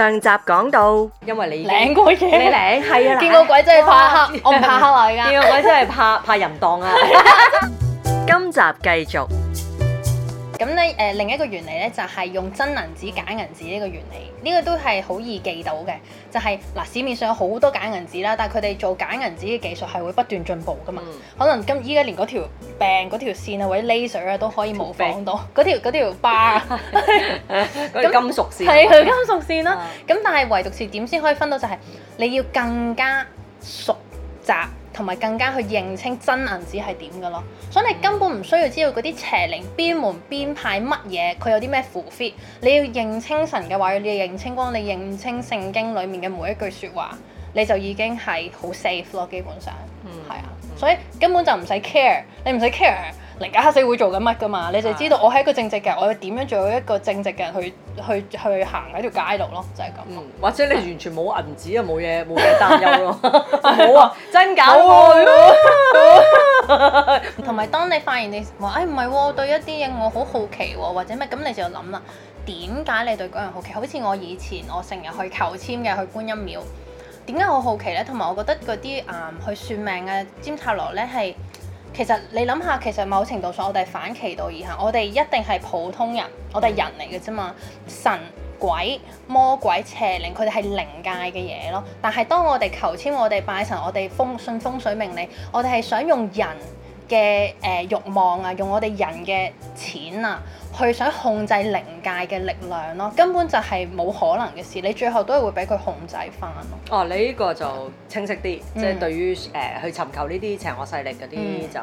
上集講到，因為你領過嘢，你領係啊，見過鬼真係怕黑，啊、我唔怕黑啊，而家，見過鬼真係怕怕淫蕩啊。今集繼續。咁咧，誒另一個原理咧就係用真銀紙假銀紙呢個原理，呢、這個都係好易記到嘅。就係、是、嗱，市面上有好多假銀紙啦，但係佢哋做假銀紙嘅技術係會不斷進步噶嘛。嗯、可能今依家連嗰條病嗰條線啊，或者 laser 咧都可以模仿到嗰條疤，嗰 金屬線係佢金屬線啦。咁但係唯獨是點先可以分到就係你要更加熟雜。同埋更加去認清真銀紙係點㗎咯，所以你根本唔需要知道嗰啲邪靈邊門邊派乜嘢，佢有啲咩符 fit，你要認清神嘅話，你要認清光，你認清聖經裡面嘅每一句説話，你就已經係好 safe 咯，基本上，嗯，係啊，所以根本就唔使 care，你唔使 care。嚟解黑社會做緊乜噶嘛？你就知道我係一個正直嘅人，我要點樣做一個正直嘅人去去去行喺條街度咯，就係、是、咁。或者、嗯、你完全冇銀紙啊，冇嘢冇嘢擔憂咯，好啊， 真搞啊！同埋當你發現你話誒唔係喎，哎哦、對一啲嘢我好好奇喎、哦，或者咩？咁你就諗啦，點解你對個人好奇？好似我以前我成日去求籤嘅，去觀音廟，點解我好奇呢？同埋我覺得嗰啲啊去算命嘅尖塔羅呢係。其實你諗下，其實某程度上，我哋反其道而行，我哋一定係普通人，我哋人嚟嘅啫嘛。神、鬼、魔鬼、邪靈，佢哋係靈界嘅嘢咯。但係當我哋求籤，我哋拜神，我哋風信風水命理，我哋係想用人。嘅誒慾望啊，用我哋人嘅錢啊，去想控制靈界嘅力量咯，根本就係冇可能嘅事。你最後都係會俾佢控制返咯。哦，你呢個就清晰啲，即係對於誒去尋求呢啲邪惡勢力嗰啲就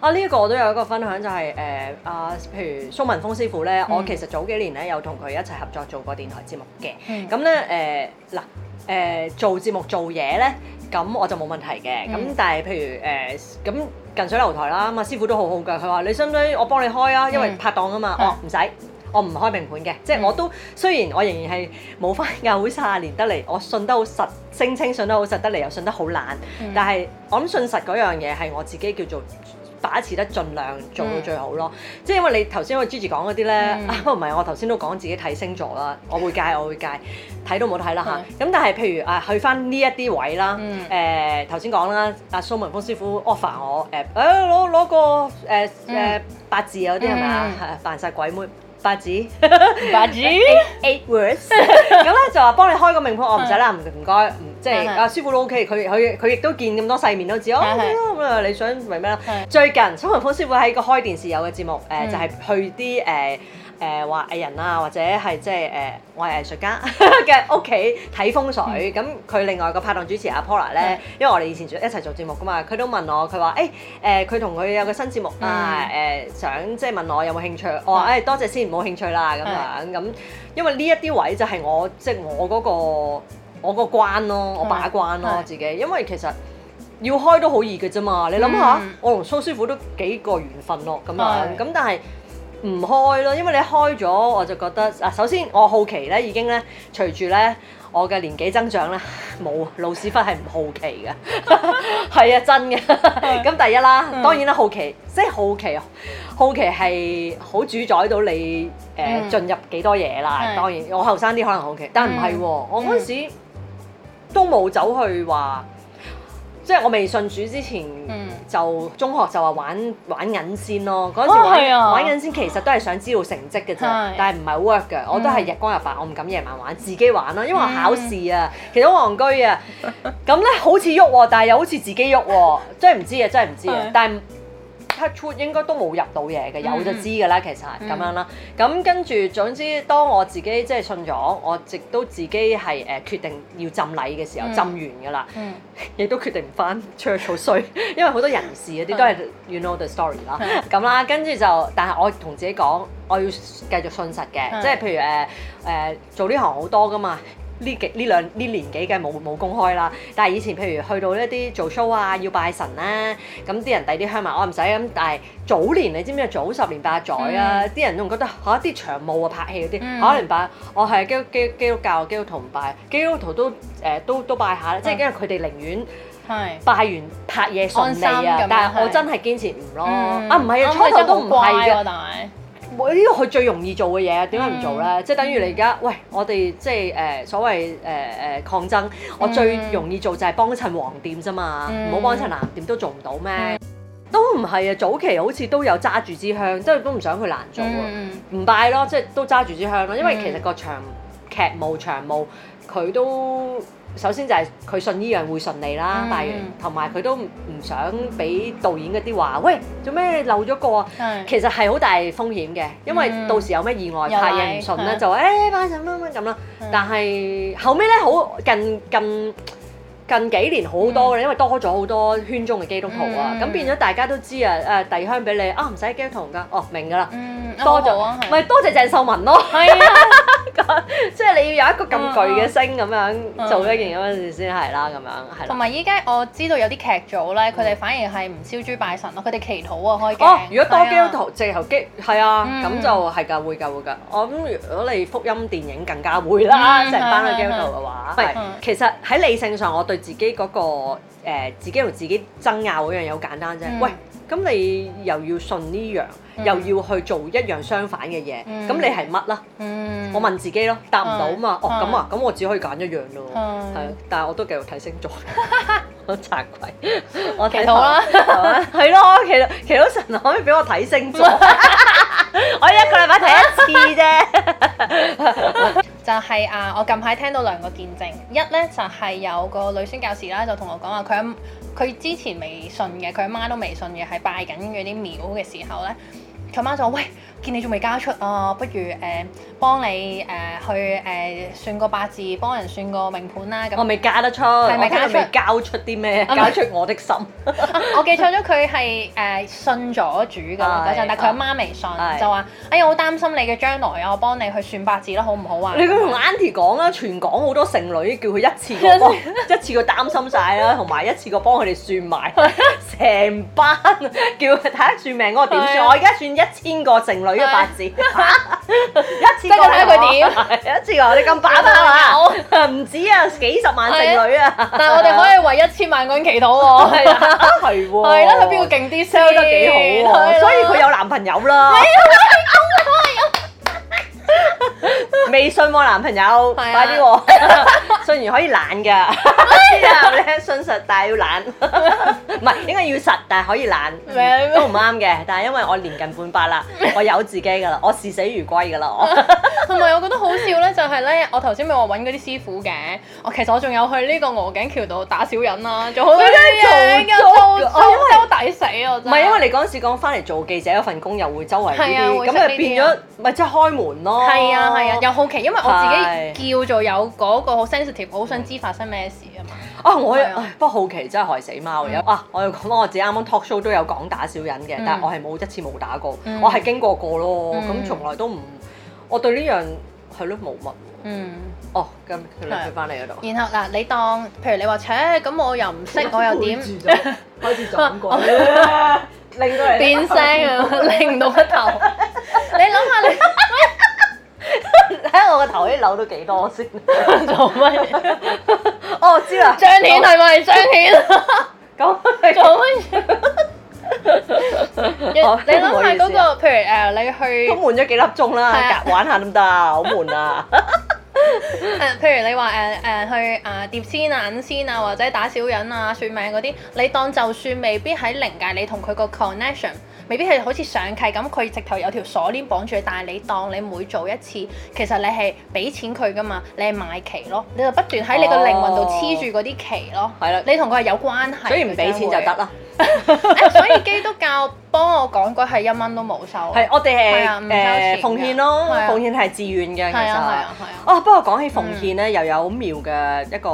啊，呢一個我都有一個分享就係誒啊，譬如蘇文峰師傅咧，我其實早幾年咧有同佢一齊合作做過電台節目嘅。咁咧誒嗱誒做節目做嘢咧，咁我就冇問題嘅。咁但係譬如誒咁。近水樓台啦，咁、嗯、啊師傅都好好嘅。佢話：你相唔相我幫你開啊？因為拍檔啊嘛。我唔使，我唔開名盤嘅。即係我都、嗯、雖然我仍然係冇翻教會卅年得嚟，我信得好實，聲稱信得好實得嚟，又信得好懶。嗯、但係我諗信實嗰樣嘢係我自己叫做把持得盡量做到最好咯，嗯、即係因為你頭先，因為 Gigi 講嗰啲咧，唔係、啊、我頭先都講自己睇星座啦，我會戒，我會戒，睇都冇得睇啦嚇。咁、嗯啊、但係譬如啊，去翻呢一啲位啦，誒頭先講啦，阿、啊、蘇文峰師傅 offer 我誒，誒攞攞個誒誒、啊嗯啊、八字啊嗰啲係咪啊，扮晒鬼妹八字，八字 eight, eight words，咁咧、 嗯、就話幫你開個命盤，我唔使啦，唔唔該。啊 啊即係阿師傅都 OK，佢佢佢亦都見咁多世面都知哦。咁啊，你想明咩咧？最近蘇民峰師傅喺個開電視有嘅節目，誒就係去啲誒誒話藝人啊，或者係即係誒我係藝術家嘅屋企睇風水。咁佢另外個拍檔主持阿 Paula 咧，因為我哋以前一齊做節目噶嘛，佢都問我，佢話誒誒佢同佢有個新節目啊誒想即係問我有冇興趣，我話誒多謝先，冇興趣啦咁樣咁。因為呢一啲位就係我即係我嗰個。我個關咯，的我把關咯自己，因為其實要開都好易嘅啫嘛。你諗下，我同蘇師傅都幾個緣分咯的，咁樣咁但係唔開咯，因為你開咗我就覺得嗱，首先我好奇咧已經咧，隨住咧我嘅年紀增長咧，冇老屎忽係唔好奇嘅，係啊真嘅。咁第一啦，當然啦好奇，即係好奇，好奇係好，好主宰到你誒進入幾多嘢啦。當然我後生啲可能好奇，但唔係我嗰陣時。都冇走去話，即係我未信主之前、嗯、就中學就話玩玩銀先咯。嗰陣時玩、啊啊、玩銀先，其實都係想知道成績嘅啫，是但係唔係 work 嘅。我都係日光日白，我唔敢夜晚玩，自己玩啦。因為我考試啊，嗯、其實好戇居啊。咁 呢好似喐、喔，但係又好似自己喐、喔，真係唔知啊，真係唔知啊。是但係。出 o u 應該都冇入到嘢嘅，有就知㗎啦。其實係咁樣啦。咁、嗯、跟住總之，當我自己即係信咗，我亦都自己係誒、呃、決定要浸禮嘅時候，嗯、浸完㗎啦，亦、嗯、都決定唔翻出 o 做衰， 因為好多人士嗰啲都係 ，you know the story 啦。咁 啦，跟住就，但係我同自己講，我要繼續信實嘅，即係 譬如誒誒、呃呃呃、做呢行好多㗎嘛。呢幾呢兩呢年紀嘅冇冇公開啦，但係以前譬如去到一啲做 show 啊，要拜神咧、啊，咁啲人戴啲香嘛，我唔使咁。但係早年你知唔知早十年八載啊，啲、嗯、人仲覺得嚇啲、啊、長毛啊拍戲嗰啲，嗯、可能拜我係基基基督教基督徒唔拜，基督徒都誒、呃、都都拜下咧，即係、啊、因為佢哋寧願係拜完拍嘢順利啊，但係我真係堅持唔咯，啊唔係啊，啊初時都唔係嘅，但係但係。喂，呢個佢最容易做嘅嘢，點解唔做呢？嗯、即係等於你而家，喂，我哋即係誒、呃、所謂誒誒、呃呃、抗爭，嗯、我最容易做就係幫襯黃店啫嘛，唔好幫襯藍店都做唔到咩？嗯、都唔係啊，早期好似都有揸住支香，即係都唔想佢難做啊，唔拜咯，即係都揸住支香咯，因為其實個長劇務長務佢都。首先就係佢信依樣會順利啦，但係同埋佢都唔想俾導演嗰啲話，喂，做咩漏咗個啊？其實係好大風險嘅，因為到時有咩意外拍嘢唔順咧，就誒快神乜乜咁啦。但係後尾咧，好近近近幾年好多嘅，因為多咗好多圈中嘅基督徒啊，咁變咗大家都知啊誒，遞香俾你啊，唔使驚痛噶，哦明噶啦，多咗啊，咪多謝鄭秀文咯。 即係你要有一個咁巨嘅星咁樣做一件咁嘅事先係啦，咁、嗯、樣係同埋依家我知道有啲劇組咧，佢哋反而係唔燒豬拜神咯，佢哋祈禱啊開鏡哦。如果多基督徒藉由基係啊，咁、啊嗯、就係噶會噶會噶。我諗如果你福音電影更加會啦，成、嗯、班基督徒嘅話，唔係其實喺理性上，我對自己嗰、那個誒、呃、自己同自己爭拗嗰樣好簡單啫、嗯、喂。咁你又要信呢樣，嗯、又要去做一樣相反嘅嘢，咁、嗯、你係乜啦？嗯、我問自己咯，答唔到嘛？嗯、哦，咁啊，咁我只可以揀一樣咯。係、嗯，但係我都繼續睇星座，我拆鬼，我睇到啦，係 咯，其實其實神可唔可以俾我睇星座？ 我一個禮拜睇一次啫， 就係啊！我近排聽到兩個見證，一咧就係、是、有個女宣教師啦，就同我講話佢佢之前未信嘅，佢阿媽都未信嘅，係拜緊嗰啲廟嘅時候咧，佢媽就喂。見你仲未交出啊，不如誒幫你誒去誒算個八字，幫人算個命盤啦。咁我未交得出，係咪交出啲咩？交出我的心。我記錯咗，佢係誒信咗主噶嗰陣，但係佢阿媽未信，就話：哎呀，好擔心你嘅將來啊，我幫你去算八字啦，好唔好啊？你去同 Annie 講啦，全港好多剩女，叫佢一次一次，一次過擔心晒啦，同埋一次過幫佢哋算埋成班，叫佢睇下算命嗰個點算。我而家算一千個剩女。女嘅八字，一次過睇佢點，一次過你咁板啊嘛，唔止啊，幾十萬剩女啊，但係我哋可以為一千萬個人祈禱喎，係喎，係啦，佢邊個勁啲，sell 得幾好啊，所以佢有男朋友啦，微信我男朋友，快啲喎。雖然可以懶㗎，係 啊，你信實但係要懶，唔 係應該要實，但係可以懶， 嗯、都唔啱嘅。但係因為我年近半百啦，我有自己㗎啦，我視死如歸㗎啦，我。同埋我覺得好笑咧，就係、係、咧，我頭先咪話揾嗰啲師傅嘅，我其實我仲有去呢個鵝頸橋度打小人啦，仲好。做多人為做做，都抵死啊！唔係因為你嗰陣時講翻嚟做記者嗰份工，又會周圍呢啲，咁、啊啊、就變咗，咪即係開門咯。係啊係啊，啊，又好奇，因為我自己叫做有嗰個我好想知發生咩事啊嘛！啊，我唉不過好奇真係害死貓。有啊，我又講到我自己啱啱 talk show 都有講打小人嘅，但係我係冇一次冇打過，我係經過過咯。咁從來都唔，我對呢樣係咯冇乜嗯。哦，咁你翻嚟嗰度。然後嗱，你當譬如你話，扯，咁我又唔識，我又點？開始就轉鬼，變聲啊，擰唔到個頭。你諗下你。睇下我個頭先扭到幾多先 做乜？做乜嘢？哦，我知啦。張顯係咪張顯？咁你做乜嘢？你諗下嗰個，譬如誒，你去都悶咗幾粒鐘啦，夾、啊、玩下得唔得？好悶啊！誒、啊，譬如你話誒誒去啊碟仙啊、銀仙啊，啊纏纏纏纏，或者打小人啊、算命嗰啲，你當就算未必喺靈界，你同佢個 connection。未必係好似上契咁，佢直頭有條鎖鏈綁住，但係你當你每做一次，其實你係俾錢佢噶嘛，你係買旗咯，你就不斷喺你個靈魂度黐住嗰啲旗咯。係啦，你同佢係有關係，所以唔俾錢就得啦。所以基督教幫我講過係一蚊都冇收，係我哋誒誒奉獻咯，奉獻係自願嘅其實。係啊係啊哦，不過講起奉獻咧，又有好妙嘅一個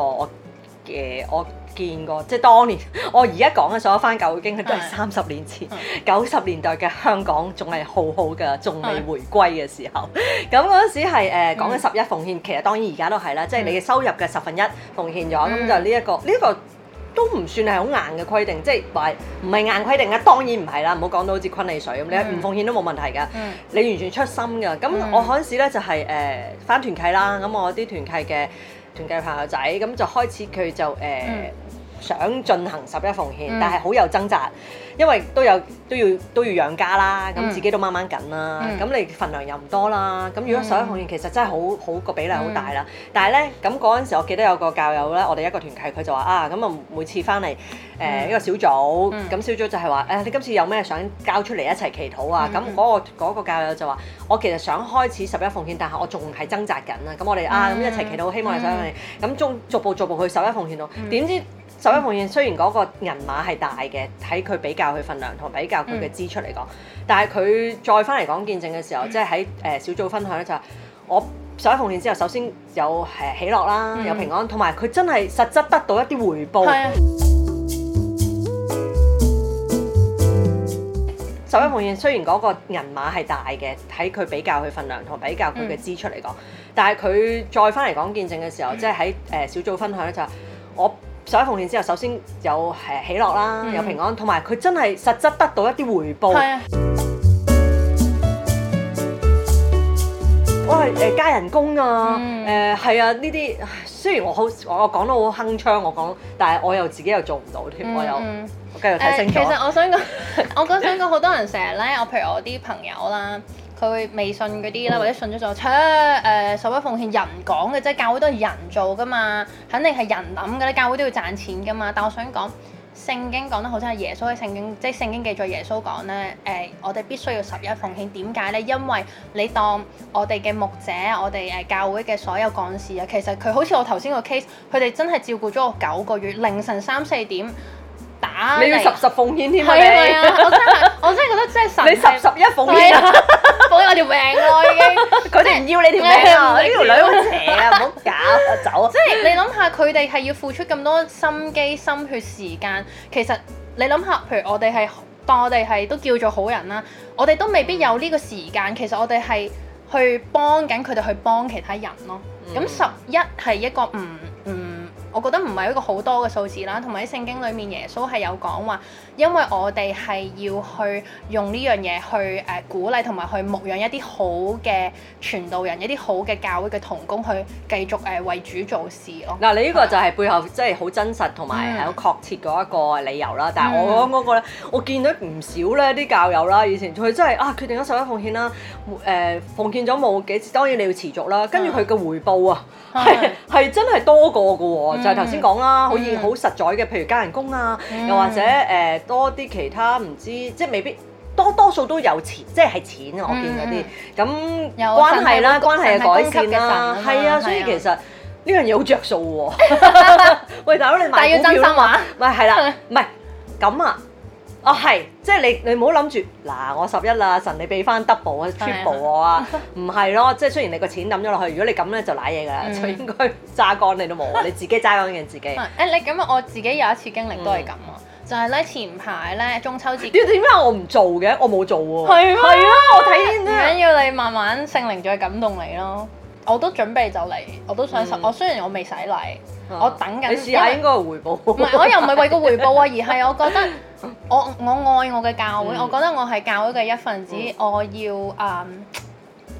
誒我。見過即係當年，我而家講嘅所有翻舊經，佢都係三十年前九十年代嘅香港，仲係好好嘅，仲未回歸嘅時候。咁嗰陣時係誒講緊十一奉獻，其實當然而家都係啦，即係、嗯、你嘅收入嘅十分一奉獻咗，咁、嗯、就呢、呢、一個呢、呢個都唔算係好硬嘅規定，即係唔係硬規定嘅，當然唔係啦，唔好講到好似昆利水咁，你一唔奉獻都冇問題噶，嗯、你完全出心嘅。咁我嗰陣時咧就係誒翻團契啦，咁我啲團契嘅團契朋友仔咁就開始佢就誒。呃嗯想進行十一奉獻，但係好有掙扎，因為都有都要都要養家啦，咁、嗯、自己都掹掹緊啦，咁、嗯、你份量又唔多啦，咁如果十一奉獻其實真係好好個比例好大啦，嗯、但係咧咁嗰陣時，我記得有個教友咧，我哋一個團契，佢就話啊，咁啊每次返嚟誒一個小組，咁、嗯、小組就係話誒你今次有咩想交出嚟一齊祈禱啊，咁嗰、嗯嗰個嗰個教友就話我其實想開始、啊、十一奉獻，但係我仲係掙扎緊啦，咁我哋啊咁一齊祈禱，希望係十一奉獻，咁逐逐步逐步去十一奉獻到，點知？十一奉獻雖然嗰個銀碼係大嘅，睇佢比較佢份量同比較佢嘅支出嚟講，但係佢再翻嚟講見證嘅時候，即係喺誒小組分享咧就話，我十一奉獻之後首先有誒喜樂啦，有平安，同埋佢真係實質得到一啲回報。十一奉獻雖然嗰個銀碼係大嘅，睇佢比較佢份量同比較佢嘅支出嚟講，但係佢再翻嚟講見證嘅時候，即係喺誒小組分享咧就話我。社會奉獻之後，首先有誒喜樂啦，嗯、有平安，同埋佢真係實質得到一啲回報。啊、哇！誒、呃、加人工啊！誒係、嗯呃、啊！呢啲雖然我好，我講得好鏗鏘，我講，但係我又自己又做唔到添，嗯、我又我繼續睇清楚、呃。其實我想講， 我覺得想講，好多人成日咧，我譬如我啲朋友啦。佢會微信嗰啲啦，或者信咗就出。誒十一奉獻人講嘅即係，教會都係人做噶嘛，肯定係人諗嘅咧，教會都要賺錢噶嘛。但我想講聖經講得好似係耶穌嘅聖經，即係聖經記載耶穌講咧，誒、呃、我哋必須要十一奉獻，點解咧？因為你當我哋嘅牧者我哋誒、呃、教會嘅所有幹事啊，其實佢好似我頭先個 case，佢哋真係照顧咗我九個月，凌晨三四點。你要十十奉獻添啊！ 啊！係啊！我真係我真係覺得真係神！你十十一奉獻啊！奉 獻 我條命咯、啊、已經。佢哋唔要你條命啊！呢條女好邪啊！唔好搞啊！我走啊！即係、就是、你諗下，佢哋係要付出咁多心機、心血、時間。其實你諗下，譬如我哋係當我哋係都叫做好人啦，我哋都未必有呢個時間。嗯、其實我哋係去幫緊佢哋去幫其他人咯。咁、嗯、十一係一個唔唔。嗯我覺得唔係一個好多嘅數字啦，同埋喺聖經裏面耶，耶穌係有講話。因為我哋係要去用呢樣嘢去誒、呃、鼓勵同埋去牧養一啲好嘅傳道人、一啲好嘅教會嘅同工去繼續誒為主做事咯。嗱，你呢個就係背後即係好真實同埋係好確切嗰一個理由啦。嗯、但係我講嗰個咧，我見到唔少咧啲教友啦，以前佢真係啊決定咗受一奉獻啦，誒、呃、奉獻咗冇幾次，當然你要持續啦。跟住佢嘅回報啊，係係、嗯、真係多過㗎喎。嗯、就係頭先講啦，好以好實在嘅，譬如加人工啊，又或者誒、呃多啲其他唔知，即係未必多多數都有錢，即係係錢，我見嗰啲咁有關係啦，關係嘅改善啦，係啊！所以其實呢樣嘢好着數喎。喂，大佬，你但要真心話，唔係係啦，唔係咁啊，哦係，即係你你唔好諗住嗱，我十一啦，神，你俾翻 double 啊，triple 我啊，唔係咯，即係雖然你個錢抌咗落去，如果你咁咧就賴嘢噶啦，就應該揸杆揸乾你都冇，你自己揸乾嘅自己。誒你咁啊，我自己有一次經歷都係咁啊。就係咧，前排咧中秋節，點解我唔做嘅？我冇做喎。係啊，我睇唔緊要你慢慢聖靈再感動你咯。我都準備就嚟，我都想實。我雖然我未洗禮，我等緊。你試下應該回報。唔係，我又唔係為個回報啊，而係我覺得我我愛我嘅教會，我覺得我係教會嘅一份子，我要誒，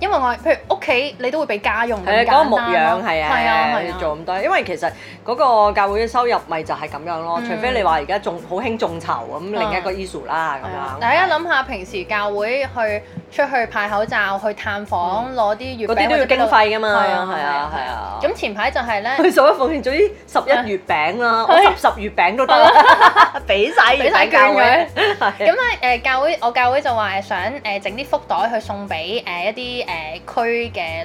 因為我譬如屋企你都會俾家用你咁簡單，係啊，係啊，要做咁多，因為其實。嗰個教會嘅收入咪就係咁樣咯，除非你話而家仲好興眾籌咁，另一個 issue 啦咁樣。大家諗下，平時教會去出去派口罩、去探訪、攞啲月餅，嗰啲都要經費噶嘛，係啊，係啊。係啊。咁前排就係咧，佢掃一掃先，做啲十一月餅啦，十十月餅都得，俾曬啲捐嘅。咁咧誒，教會我教會就話想誒整啲福袋去送俾誒一啲誒區嘅誒。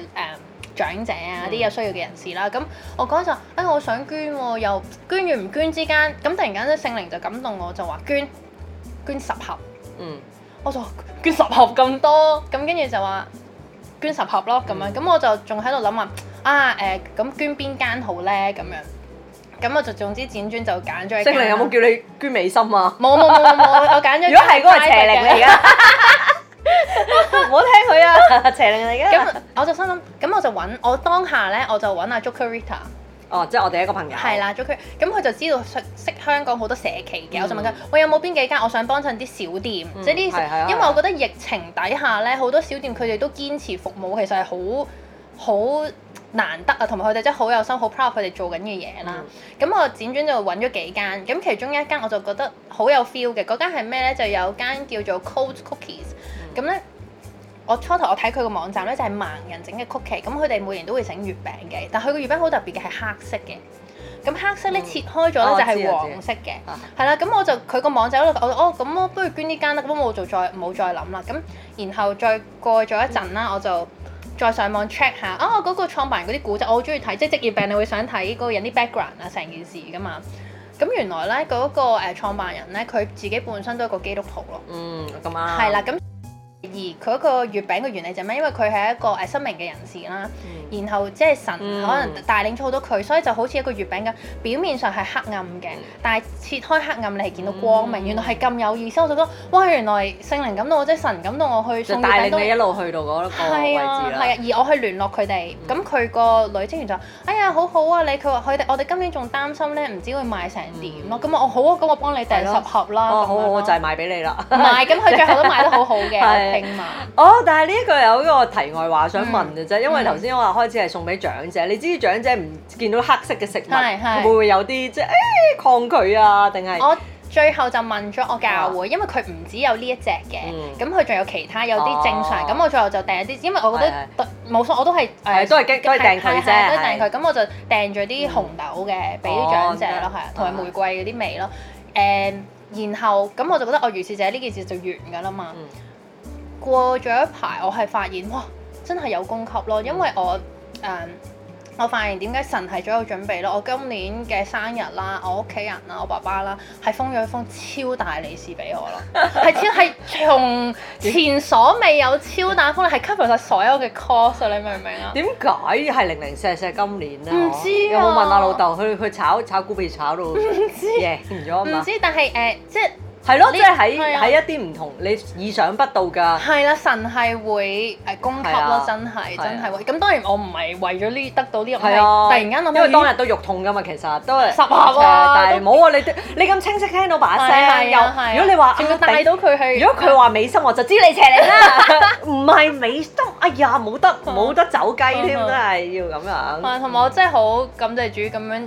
長者啊，啲、嗯、有需要嘅人士啦，咁我講就，哎，我想捐、哦，又捐與唔捐之間，咁突然間咧，聖靈就感動我就，就話捐捐十盒。嗯，我話就捐十盒咁多，咁跟住就話捐十盒咯，咁、嗯啊呃、樣，咁我就仲喺度諗話，啊誒，咁捐邊間好咧？咁樣，咁我就總之輾轉就揀咗。聖靈有冇叫你捐美心啊？冇冇冇冇，我揀咗。如果係嗰個邪靈嚟嘅。唔好 聽佢啊，邪靈嚟嘅。咁我就心諗，咁我就揾我當下咧，我就揾阿 Jokerita。哦，即係我哋一個朋友。係啦，Joker，咁佢就知道識識香港好多社企嘅。嗯、我就問佢，喂，有冇邊幾間我想幫襯啲小店，即係呢？因為我覺得疫情底下咧，好多小店佢哋都堅持服務，其實係好好難得啊，同埋佢哋真係好有心，好 proud 佢哋做緊嘅嘢啦。咁、嗯、我輾轉就揾咗幾間，咁其中一間我就覺得好有 feel 嘅，嗰間係咩咧？就有間叫做 Cold Cookies。咁咧，我初頭我睇佢個網站咧就係、是、盲人整嘅曲奇，咁佢哋每年都會整月餅嘅，但佢個月餅好特別嘅係黑色嘅，咁黑色咧、嗯、切開咗咧就係黃色嘅，係啦、哦，咁我就佢個網站嗰度，我哦咁我不如捐呢間啦，咁我就再唔好再諗啦，咁然後再過咗一陣啦，嗯、我就再上網 check 下，哦嗰、那個創辦人嗰啲古仔，我好中意睇，即係職業病，你會想睇嗰個人啲 background 啊，成件事噶嘛，咁原來咧嗰、那個誒創辦人咧佢自己本身都係個基督徒咯，嗯，咁啊的，係啦的，咁。而佢嗰個月餅嘅原理就咩？因為佢係一個誒失明嘅人士啦，然後即係神可能帶領咗好多佢，所以就好似一個月餅咁，表面上係黑暗嘅，但係切開黑暗你係見到光明，原來係咁有意思。我覺得哇，原來聖靈感動我，即係神感動我去帶領你一路去到嗰個位置。係啊，而我去聯絡佢哋，咁佢個女職員就話：哎呀，好好啊你！佢話：佢哋我哋今年仲擔心咧，唔知會賣成點咯。咁我好啊，咁我幫你訂十盒啦。哦，好，我就係賣俾你啦。賣，咁佢最後都賣得好好嘅。哦，但係呢一句有個題外話想問嘅啫，因為頭先我話開始係送俾長者，你知長者唔見到黑色嘅食物，會唔會有啲即係誒抗拒啊？定係我最後就問咗我教會，因為佢唔只有呢一隻嘅，咁佢仲有其他有啲正常，咁我最後就訂一啲，因為我覺得冇錯，我都係誒都係都係訂佢啫，都係訂佢，咁我就訂咗啲紅豆嘅俾啲長者咯，係同埋玫瑰嗰啲味咯，誒，然後咁我就覺得我如是者呢件事就完噶啦嘛。過咗一排，我係發現哇，真係有供給咯，因為我誒、呃，我發現點解神係早有準備咯。我今年嘅生日啦，我屋企人啦，我爸爸啦，係封咗一封超大利是俾我咯，係 超係從前所未有超大封，係 cover 曬所有嘅 cost 你明唔明啊？點解係零零舍舍今年咧？唔知有冇問阿老豆？去去炒炒股票炒到唔知？唔、 嗯、知，但係誒、呃，即係。係咯，即係喺喺一啲唔同，你意想不到噶。係啦，神係會誒供給咯，真係真係。咁當然我唔係為咗呢得到呢個，突然間諗。因為當日都肉痛噶嘛，其實都係十下喎，但係冇啊！你你咁清晰聽到把聲，又如果你話睇到佢係，如果佢話美心，我就知你邪嚟啦。唔係美心，哎呀冇得冇得走雞添，真係要咁樣。同埋我真係好感謝主咁樣。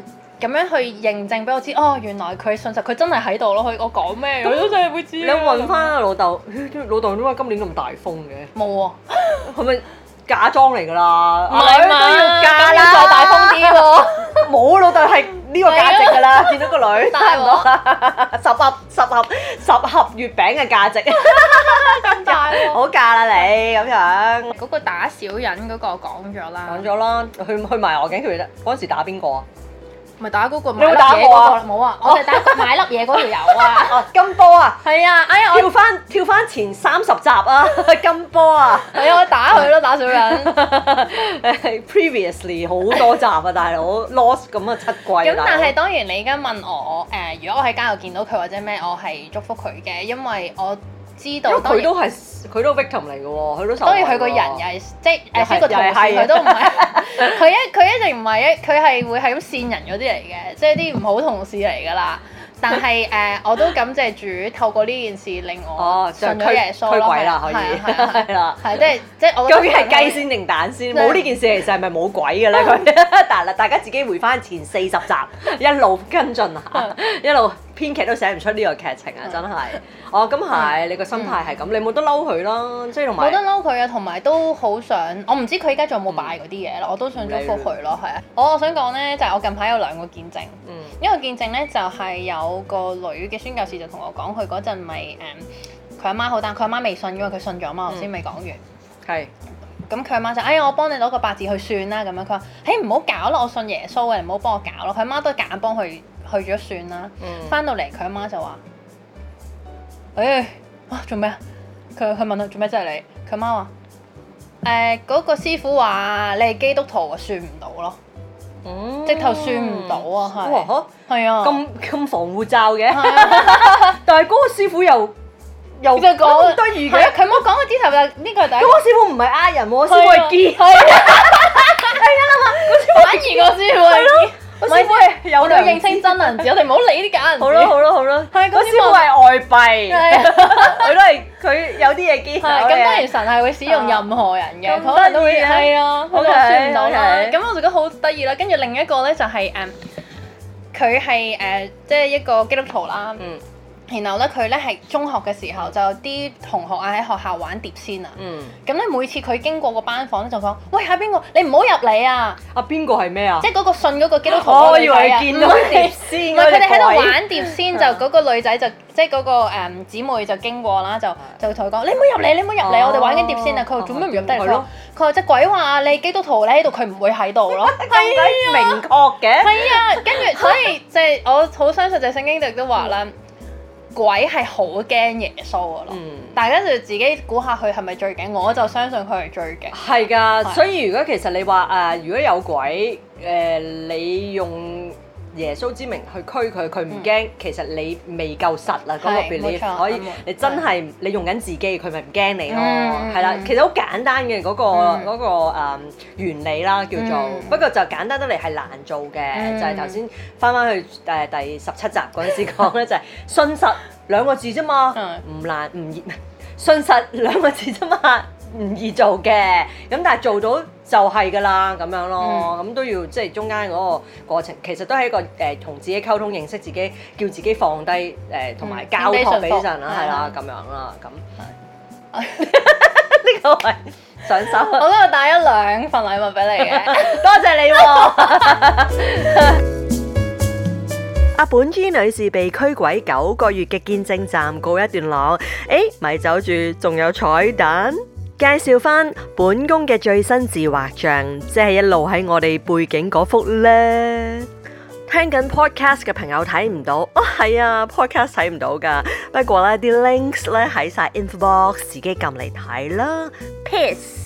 咁樣去認證俾我知，哦，原來佢信實，佢真係喺度咯。佢我講咩？佢都真係會知。你問翻啊，老豆，老豆點解今年咁大風嘅？冇啊，係咪嫁妝嚟噶啦？買都要嫁啦，再大風啲喎。冇啊，老豆係呢個價值㗎啦。見到個女，差唔多，十盒十盒十盒月餅嘅價值，好嫁啦你咁樣。嗰個打小人嗰個講咗啦，講咗啦，去去埋我，竟然記得嗰陣時打邊個啊？咪打嗰個買嘢嗰個，冇、那個、啊！我打 買粒嘢嗰條友啊，金波啊，係啊，哎、跳翻回我跳翻前三十集啊，金波啊，係、哎、我打佢咯， 打小人。Previously 好多集啊，大佬 ，Lost 咁啊七季。咁但係當然你而家問我，誒、呃，如果我喺街度見到佢或者咩，我係祝福佢嘅，因為我。因為佢都係佢都 Victim 嚟嘅喎，佢都受過傷。佢個人又係即係誒，一個同事佢都唔係，佢一佢一直唔係一，佢係會係咁扇人嗰啲嚟嘅，即係啲唔好同事嚟噶啦。但係誒，我都感謝主透過呢件事令我信咗耶穌咯。係啦，係啦，係即係即係我。究竟係雞先定蛋先？冇呢件事，其實係咪冇鬼嘅咧？佢但係啦，大家自己回翻前四十集，一路跟進下，一路。編劇都寫唔出呢個劇情啊！真係， 哦咁係、嗯，你個心態係咁，你冇得嬲佢咯，即係同埋，冇得嬲佢啊，同埋都好想，我唔知佢而家仲有冇拜嗰啲嘢啦，嗯、我都想祝福佢咯，係啊，我想我想講咧，就係我近排有兩個見證，嗯、一個見證咧就係有個女嘅宣教士就同我講，佢嗰陣咪誒佢阿媽好，但佢阿媽未信因嘛，佢信咗嘛，我先未講完，係、嗯，咁佢阿媽就哎呀，我幫你攞個八字去算啦，咁樣佢話，誒唔好搞咯，我信耶穌嘅，唔好幫我搞咯，佢阿媽都夾硬幫佢。去咗算啦，翻到嚟佢阿媽就話，誒，哇，做咩啊？佢佢問佢做咩真係？你佢媽話，誒，嗰個師傅話你係基督徒啊，算唔到咯，直頭算唔到啊，係啊，咁咁防護罩嘅。但係嗰個師傅又又講得意嘅，佢冇講個直頭又呢個底，嗰個師傅唔係呃人，師傅係揭，係啊，反而我師傅係揭。唔係，我哋要認清真銀紙，我哋唔好理啲假銀紙。好咯，好咯，好咯。嗰啲都係外幣，佢都係佢有啲嘢堅。咁當然神係會使用任何人嘅，可能都會係啊，我講算唔到啦。咁我就覺得好得意啦。跟住另一個咧就係誒，佢係誒即係一個基督徒啦。嗯。然後咧，佢咧係中學嘅時候就有啲同學啊喺學校玩碟仙啊。嗯。咁咧每次佢經過個班房咧就講：喂，係邊個？你唔好入嚟啊！阿邊個係咩啊？即係嗰個信嗰個基督徒女仔啊！以為見到碟仙。佢哋喺度玩碟仙，就嗰個女仔就即係嗰個誒姊妹就經過啦，就就同佢講：你唔好入嚟，你唔好入嚟，我哋玩緊碟仙啊！佢話：做咩唔入得嚟？佢話：隻鬼話你基督徒你喺度，佢唔會喺度咯。係唔使明確嘅。係啊，跟住所以就係我好相信就係聖經度都話啦。鬼係好驚耶穌噶咯，嗯、大家就自己估下佢係咪最勁？我就相信佢係最勁。係㗎的，的所以如果其實你話誒、呃，如果有鬼誒、呃，你用，耶穌之名去驅佢，佢唔驚。其實你未夠實啦，嗰個 belief 可以，你真係你用緊自己，佢咪唔驚你咯。係啦，其實好簡單嘅嗰個嗰個誒原理啦，叫做。不過就簡單得嚟係難做嘅，就係頭先翻翻去誒第十七集嗰陣時講咧，就係信實兩個字咋嘛，唔難唔易，信實兩個字咋嘛唔易做嘅，咁但係做到。就係噶啦咁樣咯，咁、嗯、都要即係、就是、中間嗰個過程，其實都係一個誒同、呃、自己溝通、認識自己，叫自己放低誒，同、呃、埋交託俾神啦，係啦咁樣啦，咁呢個係上手。我都帶一兩份禮物俾你嘅， 多謝你、啊。阿、 啊、本 G 女士被驅鬼九個月嘅見證站告一段落，誒、欸、咪走住，仲有彩蛋。介紹翻本宮嘅最新自畫像，即係一路喺我哋背景嗰幅咧。聽緊 podcast 嘅朋友睇唔到，哦係啊，podcast 睇唔到噶。不過咧啲 links 咧喺晒 infobox，自己撳嚟睇啦。Peace。